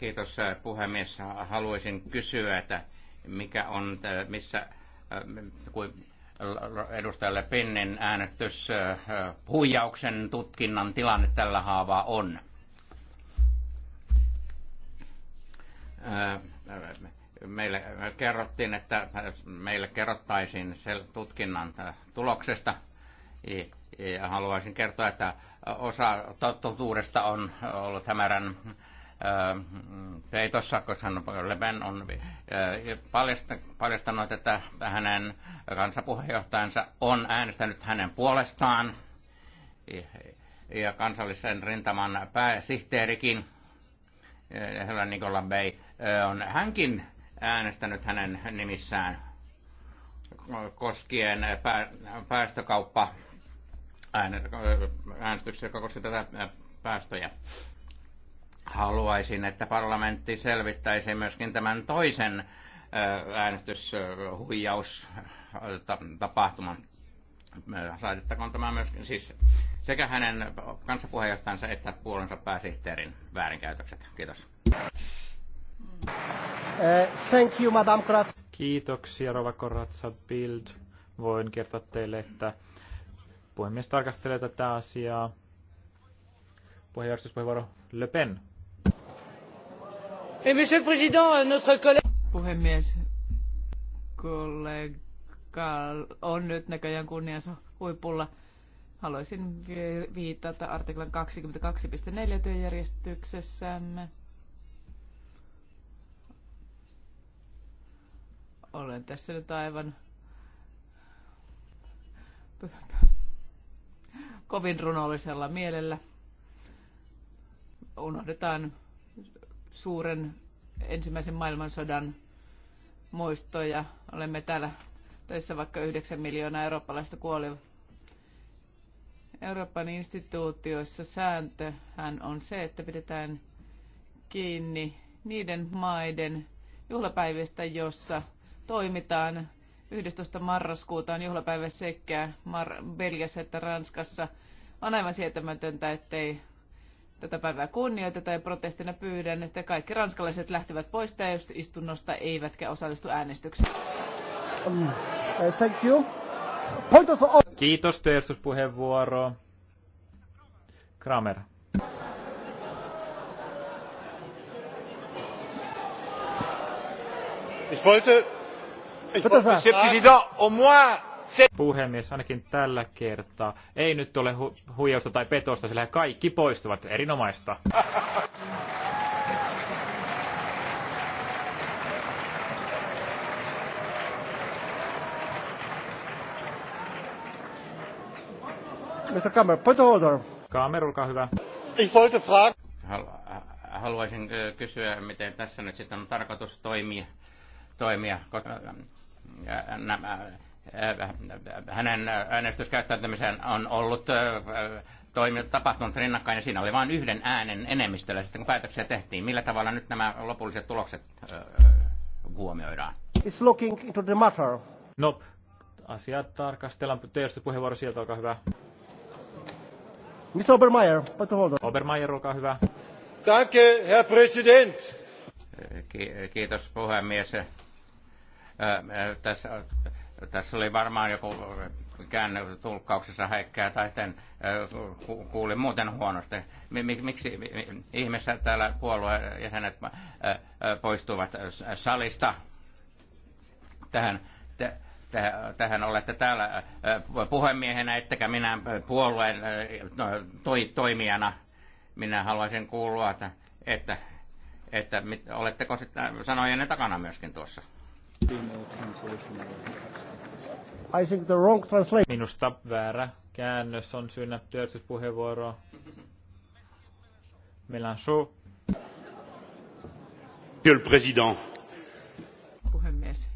Kiitos puhemies. Haluaisin kysyä, että mikä on, missä, kuin edustajalle Pennin äänestys huijauksen tutkinnan tilanne tällä haavaa on. Meille kerrottiin, että meille kerrottaisiin sel tutkinnan tuloksesta ja haluaisin kertoa, että osa totuudesta on ollut hämärän äh, peitossa, koska Le Pen on äh, paljastanut, että hänen kansapuheenjohtajansa on äänestänyt hänen puolestaan. Ja kansallisen rintaman pääsihteerikin, äh, Helena Nikola Bay, on hänkin äänestänyt hänen nimissään koskien päästökauppa äänestyksessä, joka koski tätä päästöjä. Haluaisin, että parlamentti selvittäisi myöskin tämän toisen äänestyshuijaustapahtuman. Saitettakoon tämä myöskin, siis sekä hänen kansapuheenjohtajansa että puolensa pääsihteerin väärinkäytökset. Kiitos. Eh, thank you, Madame Kiitoksia, Rova Koratsa Bild. Voin kertoa teille, että Puhemies tarkastelee tätä asiaa. Puheenjohtajuspuheenvuoro Le Pen. Et monsieur le président, notre collègue... Puhemies, kollega on nyt näköjään kunniansa huipulla. Haluaisin viitata artiklan 22.4 työjärjestyksessämme. Olen tässä nyt aivan kovin runollisella mielellä. Unohdetaan suuren ensimmäisen maailmansodan muistoja. Olemme täällä töissä vaikka 9 miljoonaa eurooppalaista kuoli. Euroopan instituutioissa sääntö hän on se, että pidetään kiinni niiden maiden juhlapäivistä, jossa toimitaan 11. marraskuuta on juhlapäivä sekä Mar- Belgiassa että Ranskassa – on aivan sietämätöntä, ettei tätä päivää kunnioiteta ja protestina pyydän, että kaikki ranskalaiset lähtevät pois istunnosta eivätkä osallistu äänestykseen. Um, eh, thank you. Point of... Kiitos työjärjestyspuheenvuoro. Kramer. Ich wollte, ich wollte, Monsieur le Président, au moins se... Puhemies, ainakin tällä kertaa. Ei nyt ole hu- huijausta tai petosta, sillä kaikki poistuvat. Erinomaista. Mr. Kammer, put order. Kammer, olkaa hyvä. Ich wollte fragen. Haluaisin kysyä, miten tässä nyt sitten on tarkoitus toimia, toimia koska nämä Äh, hänen äh, äänestyskäyttäytymisen on ollut äh, toiminut, tapahtunut rinnakkain ja siinä oli vain yhden äänen enemmistöllä sitten kun päätöksiä tehtiin. Millä tavalla nyt nämä lopulliset tulokset huomioidaan? It's looking into the matter. No, asiaa tarkastellaan. Teistä puheenvuoro sieltä, olkaa hyvä. Mr. Obermeier, hold on. Obermeier, olkaa hyvä. Danke, Herr President. Ki- kiitos puhemies. Äh, äh, tässä tässä oli varmaan joku käänne tulkkauksessa häikkää tai sitten kuulin muuten huonosti. Miksi ihmeessä täällä puolueen jäsenet poistuvat salista? Tähän, tähän olette täällä puhemiehenä, ettekä minä puolueen no, toi, toimijana. Minä haluaisin kuulua, että, että, että oletteko sitten sanojenne takana myöskin tuossa? Female I think the wrong translation. Minusta väärä käännös on syynä työllisyyspuheenvuoroa. Mélenchon. Monsieur le Président. Puhemies.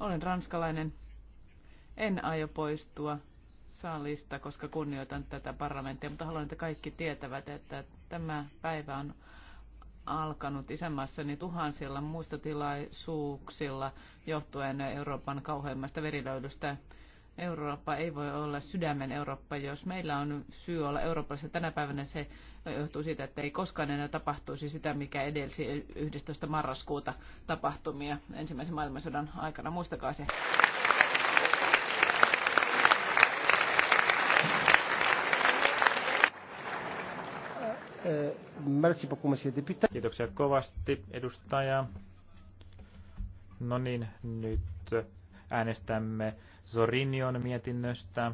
Olen ranskalainen. En aio poistua salista, koska kunnioitan tätä parlamenttia, mutta haluan, että kaikki tietävät, että tämä päivä on alkanut isänmaassani tuhansilla muistotilaisuuksilla johtuen Euroopan kauheimmasta verilöydystä. Eurooppa ei voi olla sydämen Eurooppa. Jos meillä on syy olla Euroopassa tänä päivänä, se johtuu siitä, että ei koskaan enää tapahtuisi sitä, mikä edelsi 11. marraskuuta tapahtumia ensimmäisen maailmansodan aikana. Muistakaa se. Merci Kiitoksia kovasti, edustaja. No niin, nyt äänestämme Zorinion mietinnöstä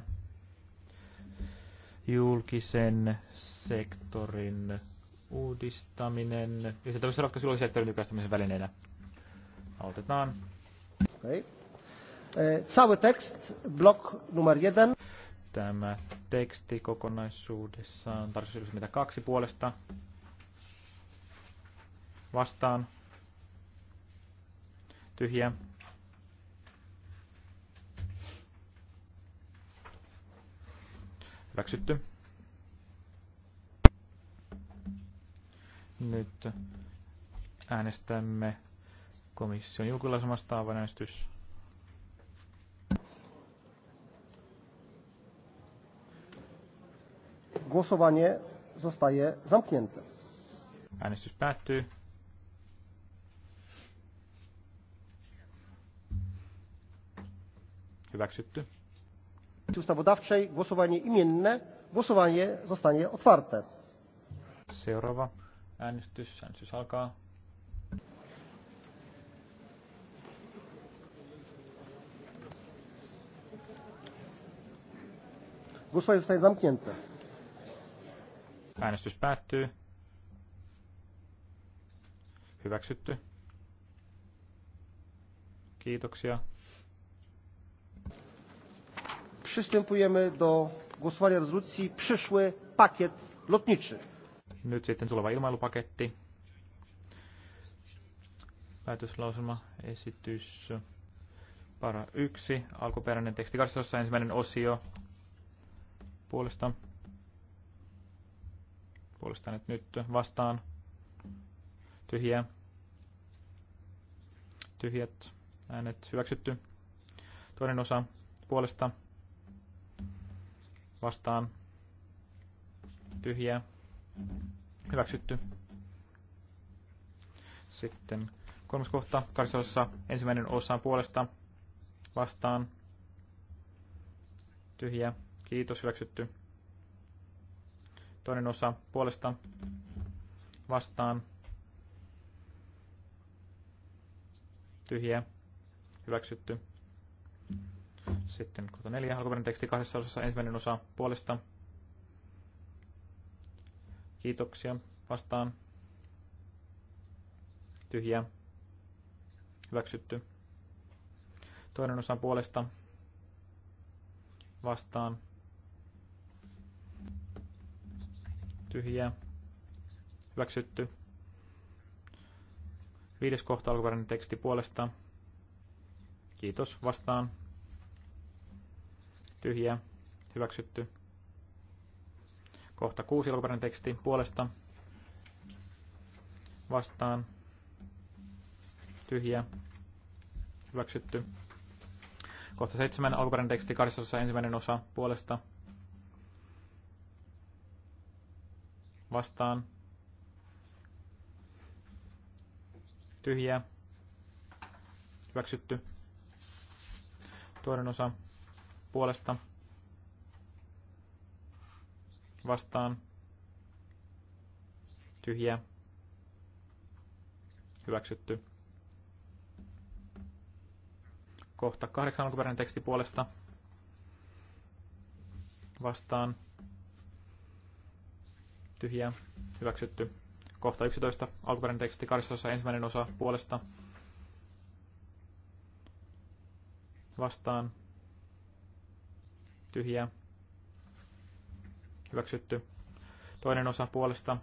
julkisen sektorin uudistaminen ja se tämmöisen ratkaisu julkisen sektorin ykäistämisen välineenä. Aloitetaan. Okay. Eh, cały tekst, blok numer jeden. Tämä teksti kokonaisuudessaan tarkoitus siis mitä kaksi puolesta vastaan tyhjä. Hyväksytty. Nyt äänestämme komission julkilaisemmasta äänestys. Głosowanie zostaje zamknięte. Äänestys päättyy. Hyväksytty. Ustawodawczej głosowanie imienne. Głosowanie zostanie otwarte. Seuraava äänestys. Äänestys alkaa. Głosowanie zamknięte. Äänestys päättyy. Hyväksytty. Kiitoksia. Przystępujemy do głosowania rezolucji przyszły pakiet lotniczy. Nyt sitten tuleva ilmailupaketti. Päätöslauselma, esitys, para 1, alkuperäinen teksti 12, ensimmäinen osio puolesta. Puolesta nyt, nyt vastaan. Tyhjä. Tyhjät äänet hyväksytty. Toinen osa puolesta vastaan tyhjää hyväksytty. Sitten kolmas kohta, kahdessa ensimmäinen osa puolesta vastaan tyhjää kiitos hyväksytty. Toinen osa puolesta vastaan tyhjää hyväksytty. Sitten kohta neljä alkuperäinen teksti kahdessa osassa ensimmäinen osa puolesta. Kiitoksia. Vastaan. tyhjä Hyväksytty. Toinen osa puolesta. Vastaan. tyhjä Hyväksytty. Viides kohta alkuperäinen teksti puolesta. Kiitos. Vastaan tyhjiä, hyväksytty. Kohta kuusi alkuperäinen teksti puolesta vastaan, tyhjiä, hyväksytty. Kohta seitsemän alkuperäinen teksti kahdessa ensimmäinen osa puolesta vastaan, tyhjiä, hyväksytty. Toinen osa puolesta vastaan tyhjä hyväksytty. Kohta kahdeksan alkuperäinen teksti puolesta vastaan tyhjä hyväksytty. Kohta 11 alkuperäinen teksti 12 ensimmäinen osa puolesta vastaan tyhjiä. hyväksytty. Toinen osa puolesta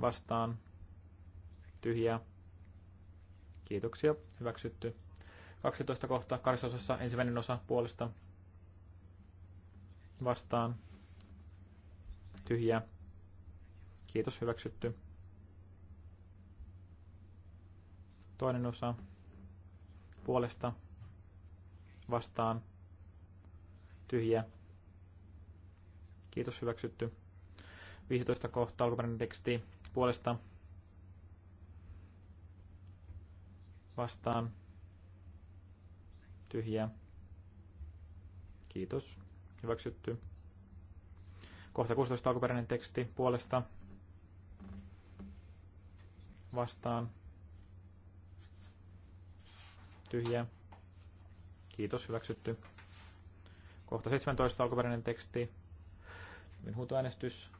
vastaan, Tyhjiä. kiitoksia, hyväksytty. 12 kohta, kahdessa osassa, ensimmäinen osa puolesta vastaan, Tyhjiä. kiitos, hyväksytty. Toinen osa puolesta vastaan, tyhjä. Kiitos, hyväksytty. 15 kohta alkuperäinen teksti puolesta vastaan tyhjä. Kiitos, hyväksytty. Kohta 16 alkuperäinen teksti puolesta vastaan tyhjä. Kiitos, hyväksytty. Kohta 17 alkuperäinen teksti. huutoäänestys.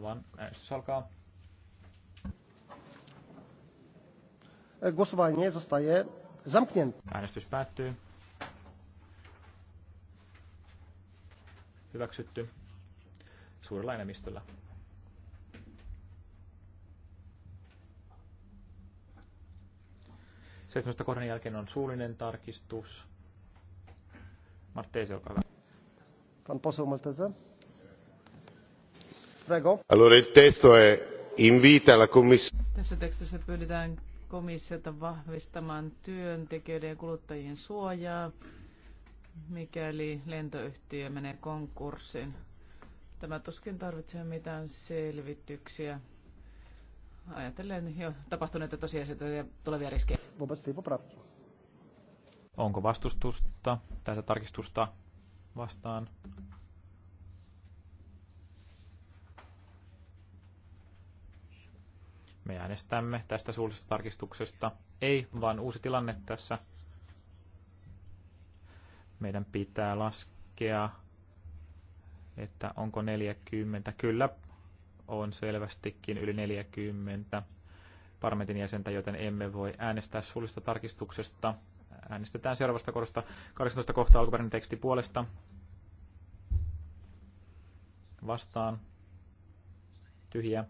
Avaan äänestys alkaa. E, głosowanie zostaje zamknięte. Äänestys päättyy. Hyväksytty suurella enemmistöllä. Seitsemästä kohdan jälkeen on suullinen tarkistus. Martesi, olkaa hyvä. Pan poseł Maltese. Prego. Allora il testo è invita la commissione. Tässä tekstissä pyydetään komissiota vahvistamaan työntekijöiden ja kuluttajien suojaa, mikäli lentoyhtiö menee konkurssiin. Tämä tuskin tarvitsee mitään selvityksiä. Ajatellen jo tapahtuneita tosiasioita ja tulevia riskejä. Wobec tej Onko vastustusta tästä tarkistusta vastaan? Me äänestämme tästä suullisesta tarkistuksesta. Ei, vaan uusi tilanne tässä. Meidän pitää laskea, että onko 40. Kyllä, on selvästikin yli 40 parlamentin jäsentä, joten emme voi äänestää suullisesta tarkistuksesta Äänestetään seuraavasta kohdasta 18 kohtaa alkuperäinen teksti puolesta. Vastaan. Tyhjä.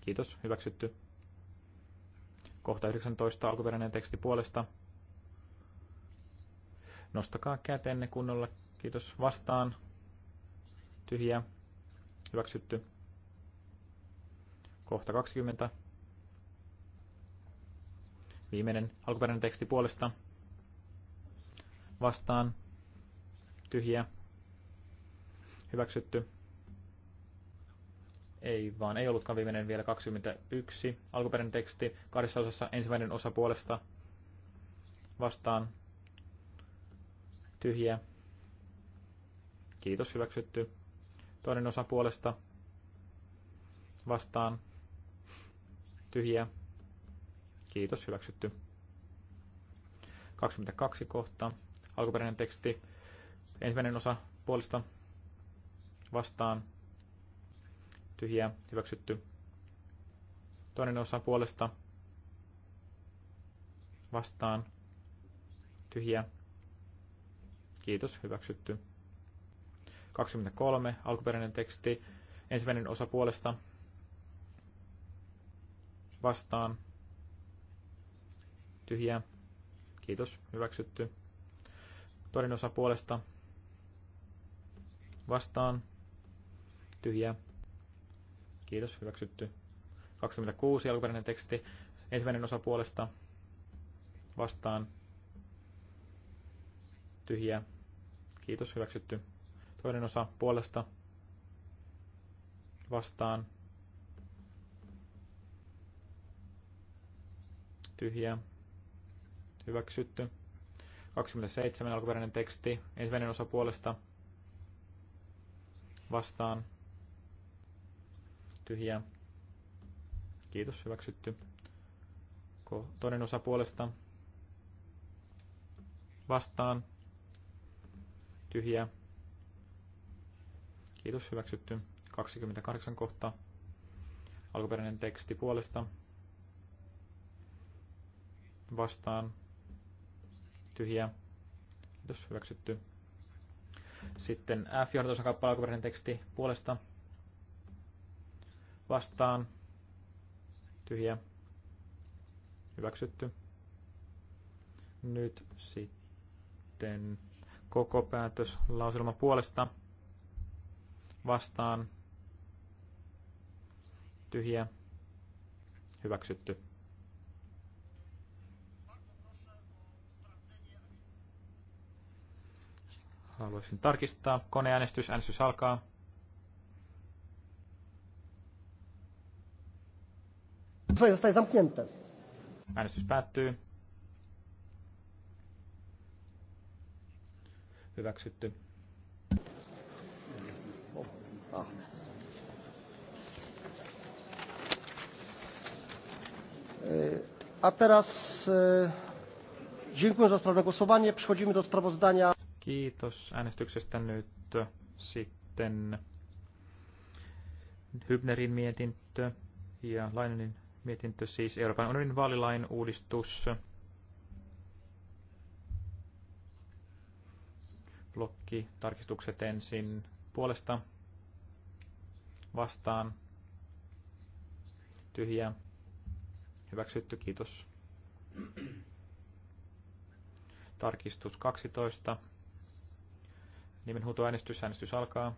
Kiitos. Hyväksytty. Kohta 19 alkuperäinen teksti puolesta. Nostakaa kätenne kunnolla. Kiitos. Vastaan. Tyhjä. Hyväksytty. Kohta 20 Viimeinen alkuperäinen teksti puolesta vastaan tyhjä hyväksytty. Ei vaan, ei ollutkaan viimeinen vielä 21. Alkuperäinen teksti kahdessa osassa ensimmäinen osa puolesta vastaan tyhjä Kiitos, hyväksytty. Toinen osa puolesta vastaan tyhjä Kiitos, hyväksytty. 22 kohta. Alkuperäinen teksti. Ensimmäinen osa puolesta vastaan. tyhjä hyväksytty. Toinen osa puolesta vastaan. tyhjä Kiitos, hyväksytty. 23, alkuperäinen teksti, ensimmäinen osa puolesta vastaan, Tyhjää. Kiitos. Hyväksytty. Toinen osa puolesta. Vastaan. Tyhjää. Kiitos. Hyväksytty. 26 alkuperäinen teksti. Ensimmäinen osa puolesta. Vastaan. Tyhjää. Kiitos. Hyväksytty. Toinen osa puolesta. Vastaan. Tyhjää. Hyväksytty. 27 alkuperäinen teksti. Ensimmäinen osa puolesta. Vastaan. Tyhjä. Kiitos. Hyväksytty. Toinen osa puolesta. Vastaan. Tyhjä. Kiitos. Hyväksytty. 28 kohta. Alkuperäinen teksti puolesta. Vastaan tyhjää. Kiitos, hyväksytty. Sitten f johdatuksen kappale alkuperäinen teksti puolesta vastaan tyhjä hyväksytty. Nyt sitten koko päätös lauselma puolesta vastaan tyhjä hyväksytty. Haluaisin tarkistaa. Koneäänestys. Äänestys alkaa. Äänestys päättyy. Hyväksytty. A teraz e, dziękuję za sprawne głosowanie. Przechodzimy do sprawozdania. Kiitos äänestyksestä nyt sitten Hybnerin mietintö ja Lainanin mietintö siis Euroopan unionin vaalilain uudistus. Blokki, tarkistukset ensin puolesta vastaan. Tyhjä. Hyväksytty, kiitos. Tarkistus 12 Nimenhuutoäänestys. Äänestys alkaa.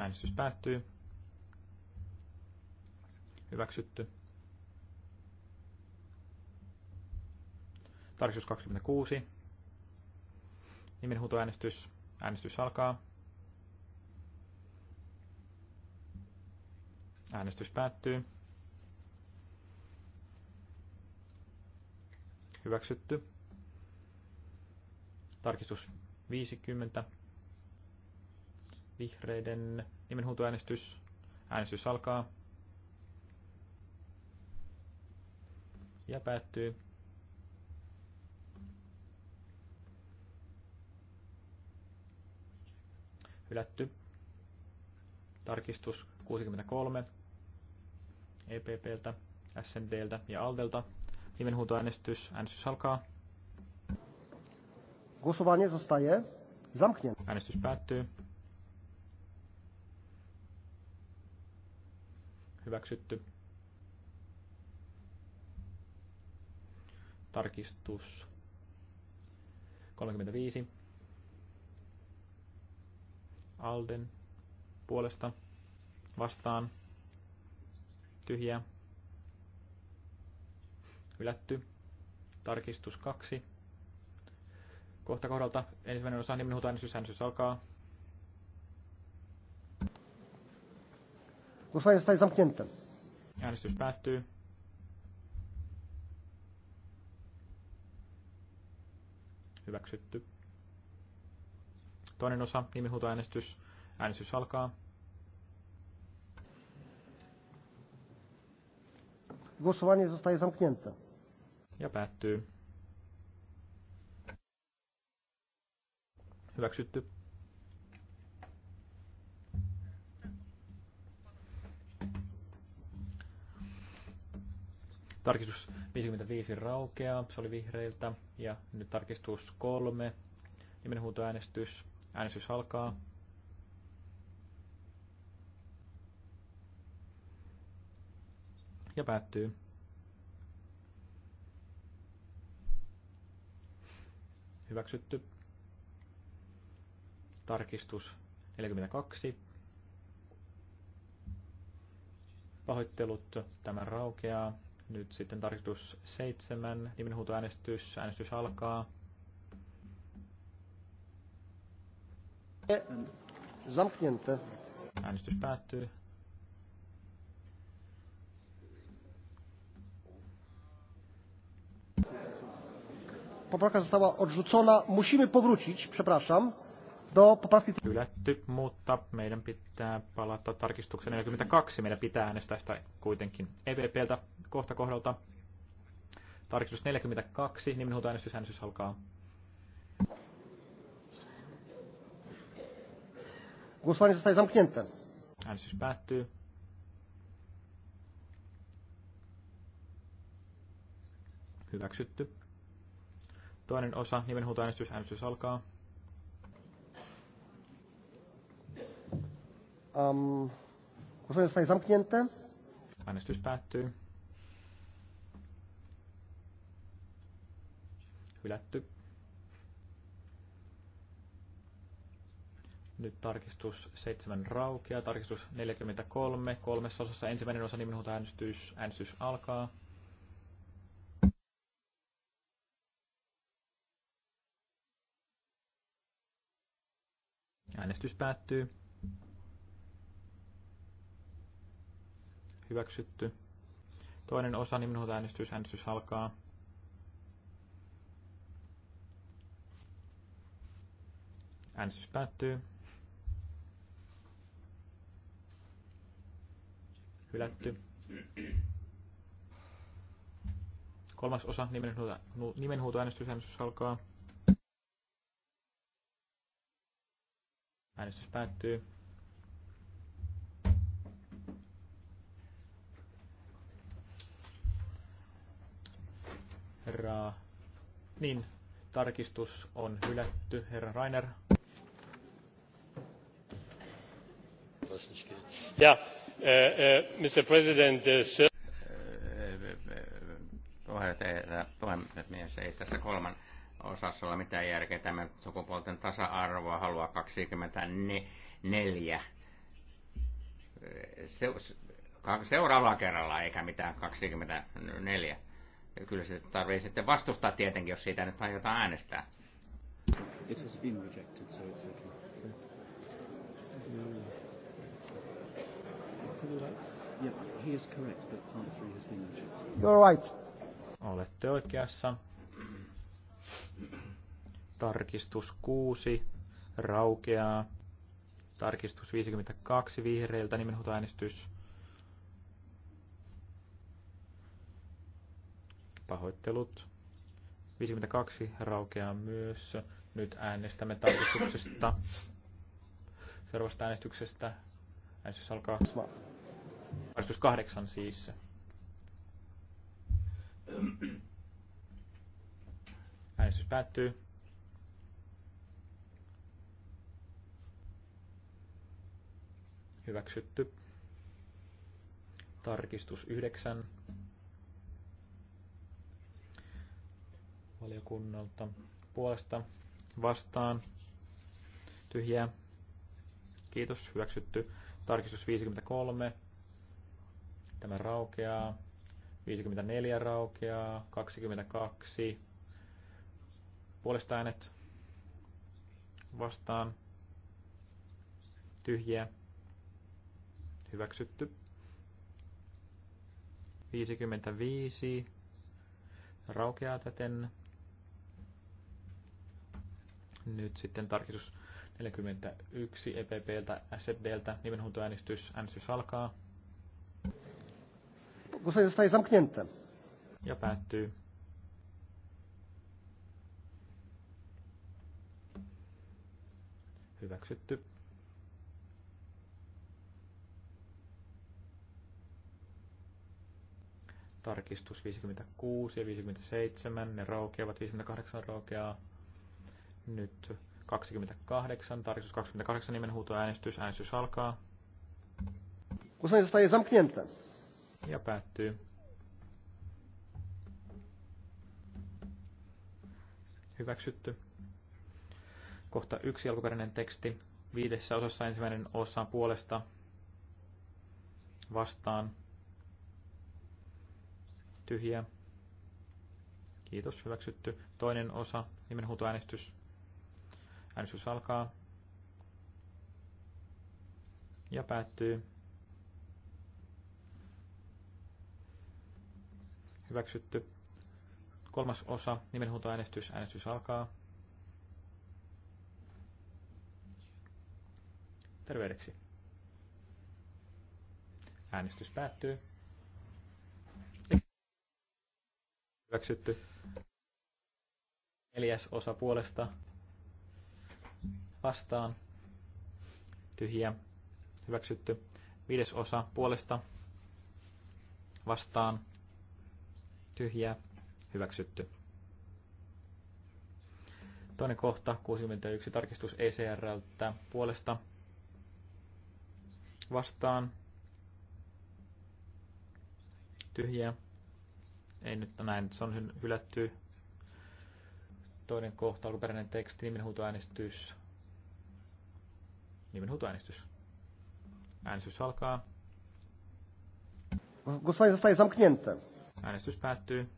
Äänestys päättyy. Hyväksytty. Tarkistus 26. Nimenhuutoäänestys. Äänestys alkaa. Äänestys päättyy. Hyväksytty. Tarkistus 50. Vihreiden nimenhuutoäänestys. Äänestys alkaa. Ja päättyy. Hylätty. Tarkistus 63. EPPltä, SNDltä ja Aldelta. Nimenhuutoäänestys. Äänestys alkaa. Głosowanie zostaje zamknięte. Äänestys päättyy. Hyväksytty. Tarkistus 35. Alden puolesta vastaan Tyhjä. Hylätty. Tarkistus 2 kohta kohdalta. Ensimmäinen osa nimen äänestys, äänestys alkaa. Äänestys päättyy. Hyväksytty. Toinen osa, nimihuutoäänestys. Niin äänestys alkaa. Głosowanie zostaje zamknięte. Ja päättyy. Hyväksytty. Tarkistus 55 raukeaa, se oli vihreiltä. Ja nyt tarkistus 3, nimenhuutoäänestys. Äänestys alkaa. Ja päättyy. Hyväksytty. Tarkistus 42. Pahoittelut, tämä raukeaa. Nyt sitten tarkistus 7, nimenhuutoäänestys, äänestys alkaa. Zamknięte. Äänestys päättyy. Poprawka została odrzucona. Musimy powrócić, przepraszam. Ylätty, mutta meidän pitää palata tarkistukseen 42. Meidän pitää äänestää sitä kuitenkin EVPltä kohta kohdalta. Tarkistus 42, niin minun äänestys, äänestys alkaa. Głosowanie zostaje Äänestys päättyy. Hyväksytty. Toinen osa, nimenhuutoäänestys, äänestys alkaa. Um, Głosowanie zostaje zamknięte. Äänestys päättyy. Hylätty. Nyt tarkistus 7 raukia, Tarkistus 43. Kolmessa osassa ensimmäinen osa nimenhuuta äänestys. Äänestys alkaa. Äänestys päättyy. hyväksytty. Toinen osa nimenhuoltoäänestys, niin äänestys alkaa. Äänestys päättyy. Hylätty. Kolmas osa nimenhuutoäänestys, äänestys alkaa. Äänestys päättyy. herraa. Niin, tarkistus on hylätty. Herra Rainer. Ja, eh, eh, Mr. President, eh, sir. Puhemies, ei tässä kolman osassa ole mitään järkeä. Tämä sukupuolten tasa-arvoa haluaa 24. seuraavalla kerralla, eikä mitään 24 kyllä se tarvii sitten vastustaa tietenkin, jos siitä nyt aiotaan äänestää. It has been rejected, so it's okay. You're right. Olette oikeassa. Tarkistus 6 raukeaa. Tarkistus 52 vihreiltä nimenhuutoäänestys. äänestys Pahoittelut. 52 raukeaa myös. Nyt äänestämme tarkistuksesta. Seuraavasta äänestyksestä. Äänestys alkaa. Äänestys kahdeksan siis. Äänestys päättyy. Hyväksytty. Tarkistus 9 valiokunnalta puolesta vastaan. Tyhjää. Kiitos. Hyväksytty. Tarkistus 53. Tämä raukeaa. 54 raukeaa. 22. Puolesta äänet vastaan. Tyhjää. Hyväksytty. 55 raukeaa täten nyt sitten tarkistus 41 EPPltä, SFDltä, nimenhuuntoäänestys, äänestys alkaa. Głosowanie zamknięte. Ja päättyy. Hyväksytty. Tarkistus 56 ja 57, ne raukeavat, 58 raukeaa. Nyt 28, tarkistus 28 nimen huuto äänestys alkaa. Głosowanie zamknięte. Ja päättyy. Hyväksytty. Kohta yksi alkuperäinen teksti. Viidessä osassa ensimmäinen osa puolesta vastaan. Tyhjä. Kiitos, hyväksytty. Toinen osa, nimenhuutoäänestys, Äänestys alkaa. Ja päättyy. Hyväksytty. Kolmas osa, nimenhuutoäänestys. Äänestys alkaa. Terveydeksi. Äänestys päättyy. Hyväksytty. Neljäs osa puolesta vastaan, tyhjä, hyväksytty. Viides osa puolesta, vastaan, tyhjä, hyväksytty. Toinen kohta, 61 tarkistus ECR puolesta, vastaan, tyhjä, ei nyt näin, se on hylätty. Toinen kohta, alkuperäinen teksti, nimenhuutoäänestys, Nimenhuutoäänestys. Äänestys alkaa. Głosowanie zostaje zamknięte. Äänestys päättyy.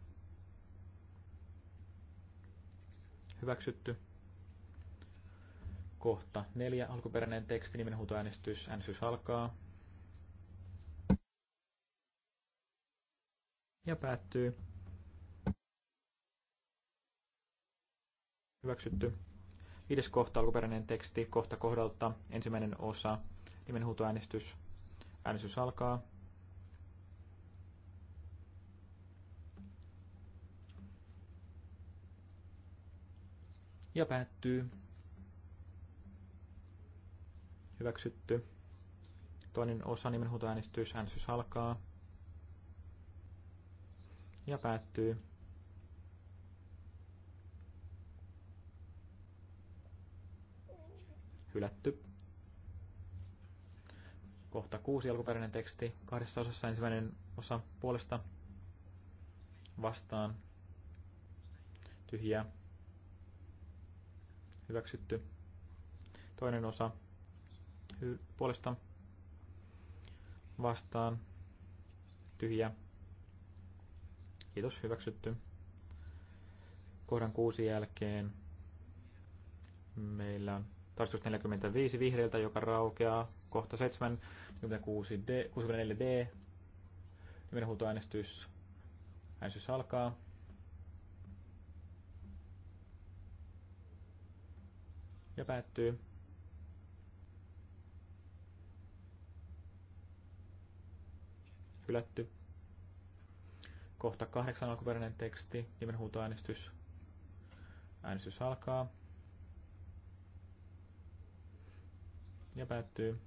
Hyväksytty. Kohta neljä alkuperäinen teksti, nimenhuutoäänestys. Äänestys alkaa. Ja päättyy. Hyväksytty. Viides kohta, alkuperäinen teksti, kohta kohdalta, ensimmäinen osa, nimenhuutoäänestys. Äänestys alkaa. Ja päättyy. Hyväksytty. Toinen osa, nimenhuutoäänestys. Äänestys alkaa. Ja päättyy. hylätty. Kohta kuusi alkuperäinen teksti, kahdessa osassa ensimmäinen osa puolesta vastaan, tyhjää, hyväksytty. Toinen osa hy- puolesta vastaan, tyhjä kiitos, hyväksytty. Kohdan kuusi jälkeen meillä on Tarkistus 45 vihreiltä, joka raukeaa. Kohta 7, d 64D. Nimenhuutoäänestys. Äänestys alkaa. Ja päättyy. Hylätty. Kohta kahdeksan alkuperäinen teksti, nimenhuutoäänestys. Äänestys alkaa. ja päättyy.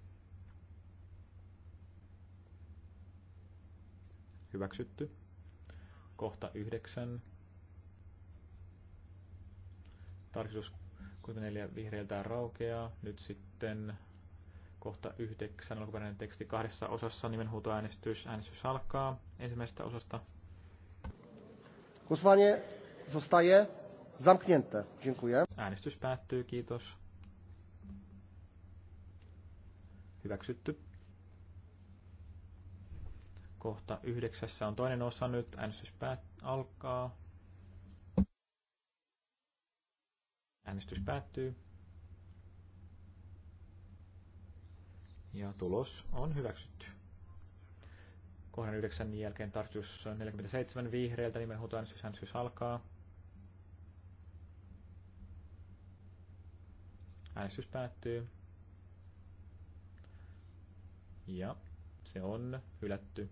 Hyväksytty. Kohta 9. Tarkistus 64 vihreiltä raukeaa. Nyt sitten kohta 9 alkuperäinen teksti kahdessa osassa nimenhuutoäänestys. Äänestys alkaa ensimmäisestä osasta. Głosowanie zostaje zamknięte. Dziękuję. Äänestys päättyy, kiitos. Hyväksytty. Kohta yhdeksässä on toinen osa nyt. Äänestys päät- alkaa. Äänestys päättyy. Ja tulos on hyväksytty. Kohdan yhdeksän jälkeen tarkistus 47 vihreältä äänestys, äänestys alkaa. Äänestys päättyy. Ja se on hylätty.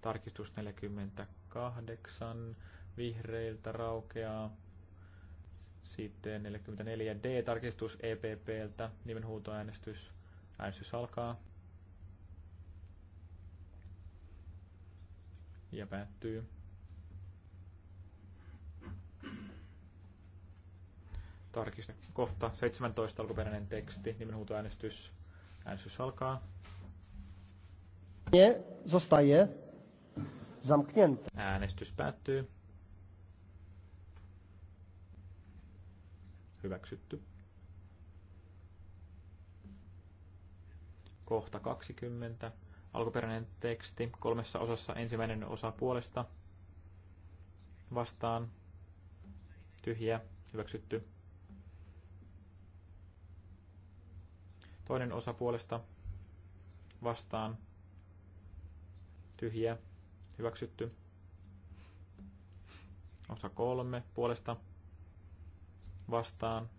Tarkistus 48 vihreiltä raukeaa. Sitten 44D tarkistus EPPltä, nimenhuutoäänestys. Äänestys alkaa. Ja päättyy. Tarkistin kohta 17 alkuperäinen teksti, nimenhuutoäänestys. Äänestys alkaa. Nie zostaje zamknięte. Äänestys päättyy. Hyväksytty. Kohta 20. Alkuperäinen teksti kolmessa osassa ensimmäinen osa puolesta. Vastaan. Tyhjä. Hyväksytty. Toinen osa puolesta vastaan tyhjä hyväksytty. Osa kolme puolesta vastaan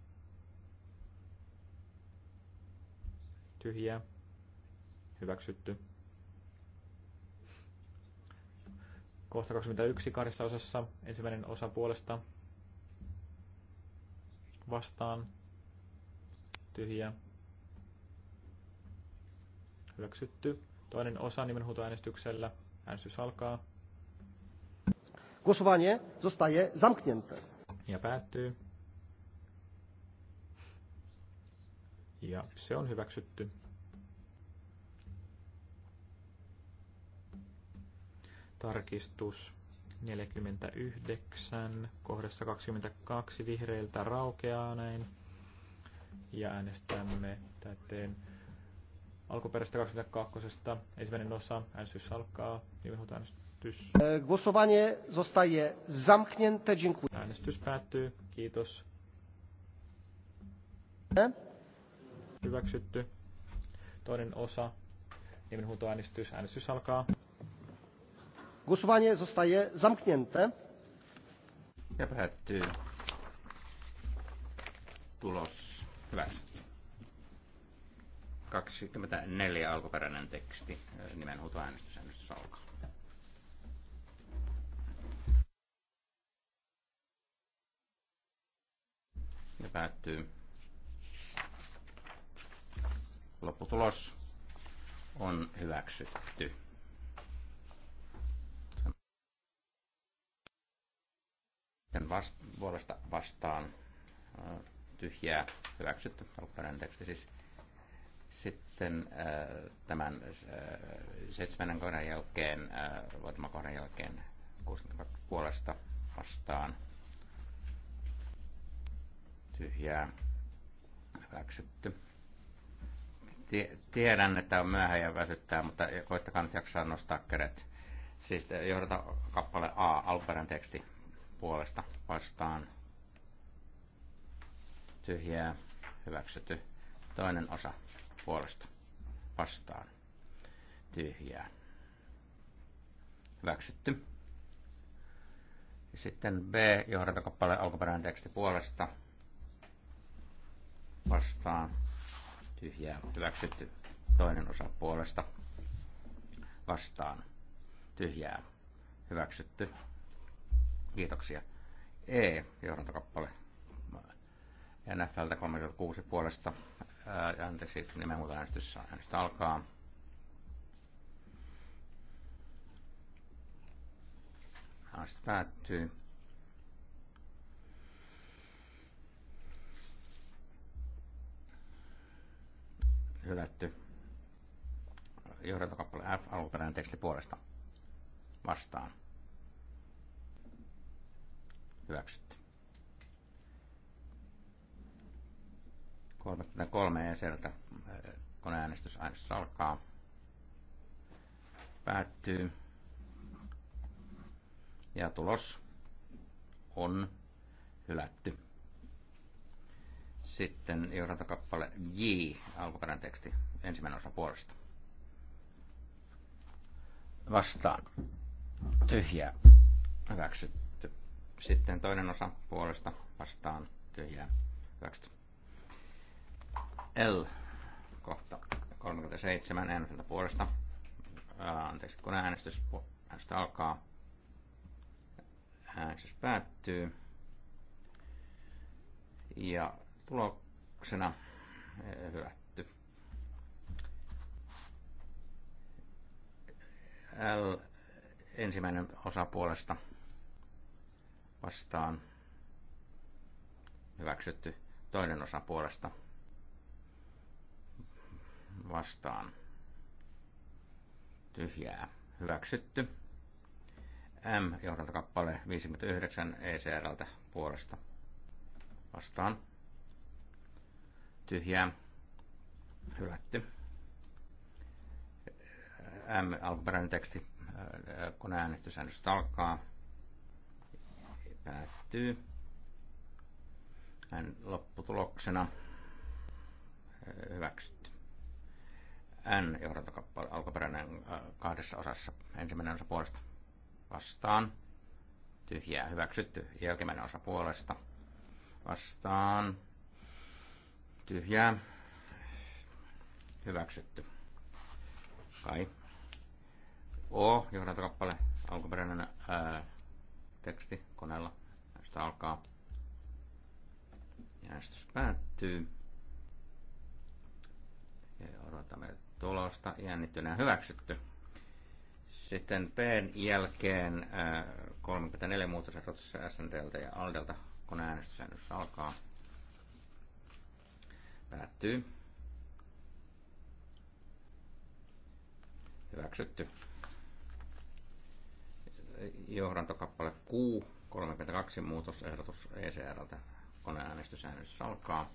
tyhjä hyväksytty. Kohta 21 kahdessa osassa. Ensimmäinen osa puolesta vastaan. Tyhjä. Hyväksytty. Toinen osa nimenhuutoäänestyksellä. Äänestys alkaa. Głosowanie zostaje zamknięte. Ja päättyy. Ja se on hyväksytty. Tarkistus 49, kohdassa 22 vihreiltä raukeaa näin. Ja äänestämme täten alkuperäisestä 22. Ensimmäinen osa, äänestys alkaa, äänestys. Głosowanie zostaje zamknięte, dziękuję. Äänestys päättyy, kiitos. Hyväksytty. Toinen osa, nimenhuutoäänestys, äänestys alkaa. Głosowanie zostaje zamknięte. Ja päättyy. Tulos hyväksytty. 24 alkuperäinen teksti, nimen äänestys alkaa. Ja päättyy. Lopputulos on hyväksytty. Sen vast, puolesta vastaan tyhjää hyväksytty, alkuperäinen teksti siis sitten äh, tämän äh, seitsemännen kohdan jälkeen, äh, vuotumakohdan jälkeen 62 puolesta vastaan tyhjää hyväksytty. Tiedän, että on myöhä ja väsyttää, mutta koittakaa nyt jaksaa nostaa kädet. Siis johdata kappale A, alkuperäinen teksti puolesta vastaan. Tyhjää, hyväksytty. Toinen osa puolesta vastaan tyhjää. Hyväksytty. Sitten B, johdantokappale alkuperäinen teksti puolesta vastaan tyhjää. Hyväksytty toinen osa puolesta vastaan tyhjää. Hyväksytty. Kiitoksia. E, johdantokappale. NFLtä 36 puolesta Ää, anteeksi, muuta äänestys, äänestys alkaa. Äänestys päättyy. Hylätty. Johdantokappale F alkuperäinen teksti puolesta vastaan. Hyväksytty. 33 ESRtä kun äänestys alkaa. Päättyy. Ja tulos on hylätty. Sitten johdantokappale J, alkuperäinen teksti, ensimmäinen osa puolesta. Vastaan. tyhjä Hyväksytty. Sitten toinen osa puolesta vastaan. tyhjä Hyväksytty L kohta 37 äänestä puolesta. Ää, anteeksi, kun äänestys, äänestys alkaa. Äänestys päättyy. Ja tuloksena hylätty. L ensimmäinen osa puolesta vastaan hyväksytty toinen osa puolesta vastaan. Tyhjää. Hyväksytty. M kappale 59 ECRltä puolesta vastaan. Tyhjää. Hylätty. M alkuperäinen teksti, äh, kun äänestysäännös alkaa, päättyy. Hän lopputuloksena äh, hyväksytty N johdantokappale, alkuperäinen kahdessa osassa. Ensimmäinen osa puolesta vastaan. Tyhjää hyväksytty. Jälkimmäinen osa puolesta vastaan. Tyhjää hyväksytty. Kai. O johdantokappale, alkuperäinen ää, teksti koneella. Tästä alkaa. Äänestys päättyy. Ja odotamme, että tulosta jännittyneen hyväksytty. Sitten P jälkeen 34 äh, muutosehdotusta SNDltä ja Aldelta, kun äänestysäännös alkaa. Päättyy. Hyväksytty. Johdantokappale Q, 32 muutosehdotus ECRltä, koneäänestysäännössä alkaa.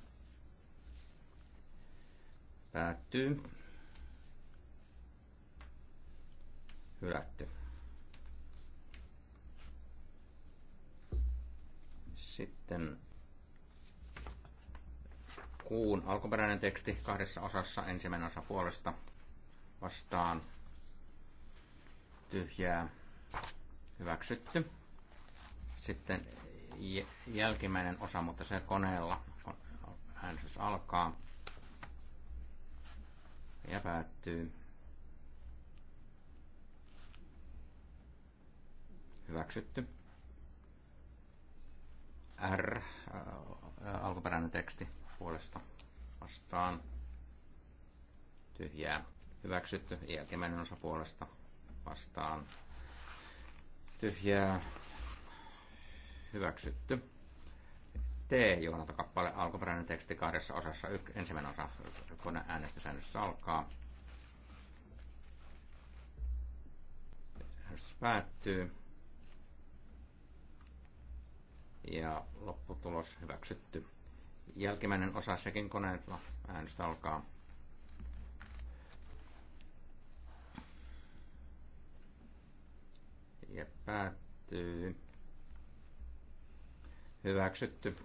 Päättyy. hylätty. Sitten kuun alkuperäinen teksti kahdessa osassa, ensimmäinen osa puolesta vastaan tyhjää hyväksytty. Sitten jälkimmäinen osa, mutta se koneella äänestys alkaa ja päättyy. Hyväksytty. R, äh, alkuperäinen teksti puolesta vastaan. Tyhjää. Hyväksytty. Jälkimmäinen osa puolesta vastaan. Tyhjää. Hyväksytty. T, kappale, alkuperäinen teksti kahdessa osassa. Yk, ensimmäinen osa kone äänestysäännössä alkaa. Äänestys päättyy ja lopputulos hyväksytty. Jälkimmäinen osa sekin koneella. Äänestä alkaa. Ja päättyy. Hyväksytty.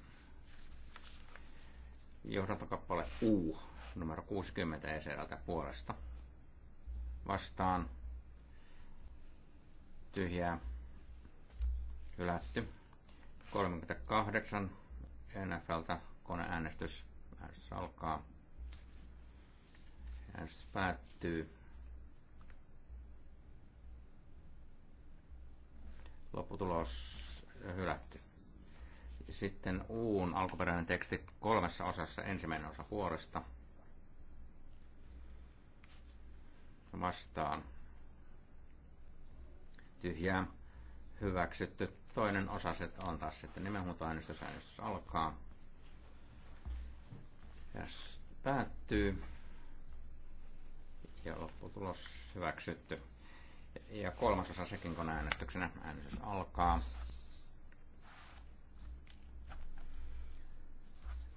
Johdantokappale U, numero 60 ECLtä puolesta. Vastaan. Tyhjää. Hylätty. 38 NFLtä koneäänestys. Äänestys alkaa. Äänestys päättyy. Lopputulos hylätty. Sitten Uun alkuperäinen teksti kolmessa osassa. Ensimmäinen osa vuorosta. Vastaan. Tyhjää hyväksytty. Toinen osa on taas sitten nimenhuutoäänestys. Äänestys alkaa. Ja päättyy. Ja lopputulos hyväksytty. Ja kolmas osa sekin kun äänestyksenä. Äänestys alkaa.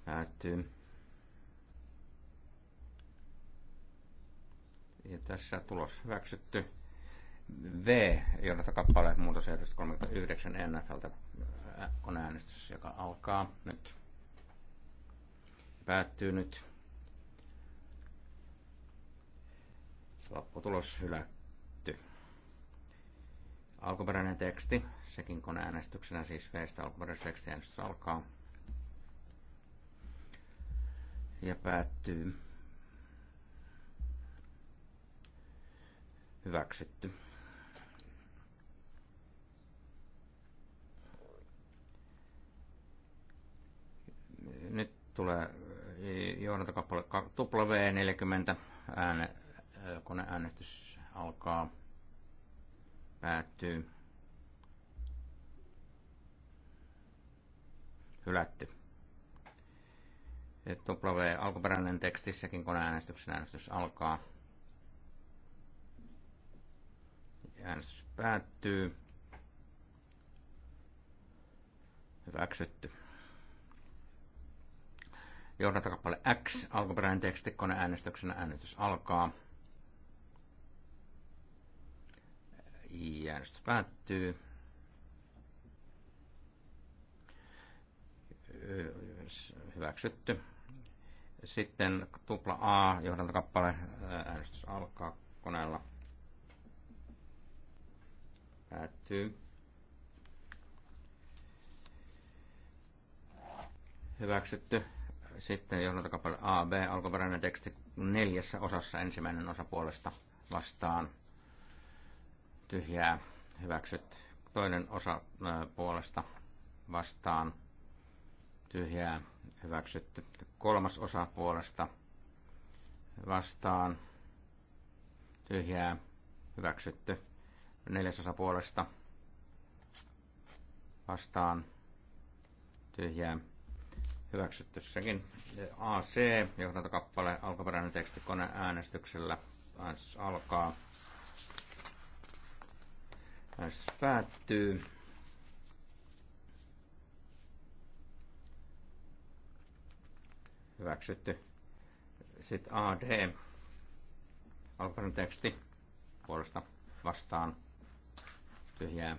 Päättyy. Ja tässä tulos hyväksytty. V, johdata kappale muutosehdotus 39 NFLtä on äänestys, joka alkaa nyt. Päättyy nyt. Lopputulos hylätty. Alkuperäinen teksti, sekin kun äänestyksenä siis Vstä alkuperäinen teksti äänestys alkaa. Ja päättyy. Hyväksytty. tulee e, johdantokappale W40 ääne, e, koneäänestys alkaa, päättyy, hylätty. W alkuperäinen tekstissäkin koneäänestyksen äänestys alkaa. Äänestys päättyy. Hyväksytty kappale X, alkuperäinen teksti, koneäänestyksenä äänestys alkaa. Ja äänestys päättyy. Hyväksytty. Sitten tupla A, kappale, äänestys alkaa koneella. Päättyy. Hyväksytty. Sitten johdantokappale AB, alkuperäinen teksti neljässä osassa, ensimmäinen osa puolesta vastaan, tyhjää, hyväksytty. Toinen osa puolesta vastaan, tyhjää, hyväksytty. Kolmas osa puolesta vastaan, tyhjää, hyväksytty. neljäs osa puolesta vastaan, tyhjää, Hyväksytty sekin. AC, johdantokappale, alkuperäinen tekstikone koneäänestyksellä. Äänestys alkaa. Äänestys päättyy. Hyväksytty. Sitten AD, alkuperäinen teksti, puolesta vastaan tyhjää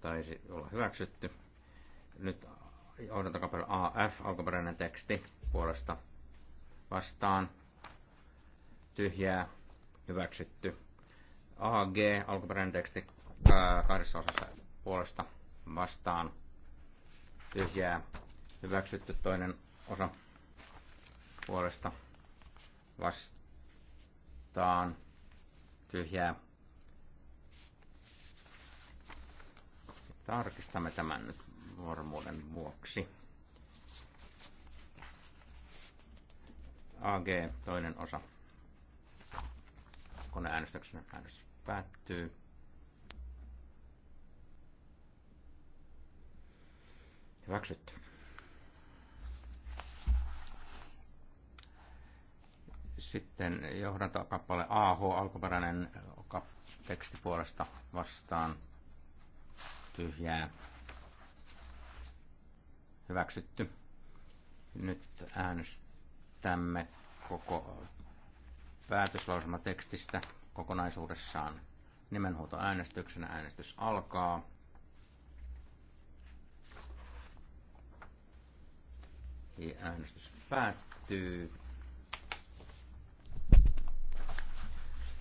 taisi olla hyväksytty. Nyt johdantokappale AF, alkuperäinen teksti puolesta vastaan, tyhjää, hyväksytty. AG, alkuperäinen teksti ää, kahdessa osassa puolesta vastaan, tyhjää, hyväksytty toinen osa puolesta vastaan, tyhjää. Tarkistamme tämän nyt varmuuden vuoksi. AG, toinen osa. Koneäänestyksen äänestys päättyy. Hyväksytty. Sitten johdantokappale AH, alkuperäinen tekstipuolesta vastaan tyhjää hyväksytty. Nyt äänestämme koko päätöslausumatekstistä kokonaisuudessaan nimenhuutoäänestyksenä. Äänestys alkaa. Ja äänestys päättyy.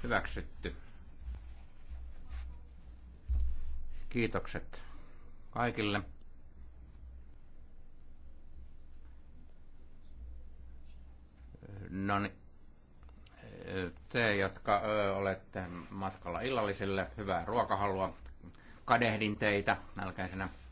Hyväksytty. Kiitokset kaikille. No niin, te, jotka olette matkalla illalliselle, hyvää ruokahalua. Kadehdin teitä nälkäisenä.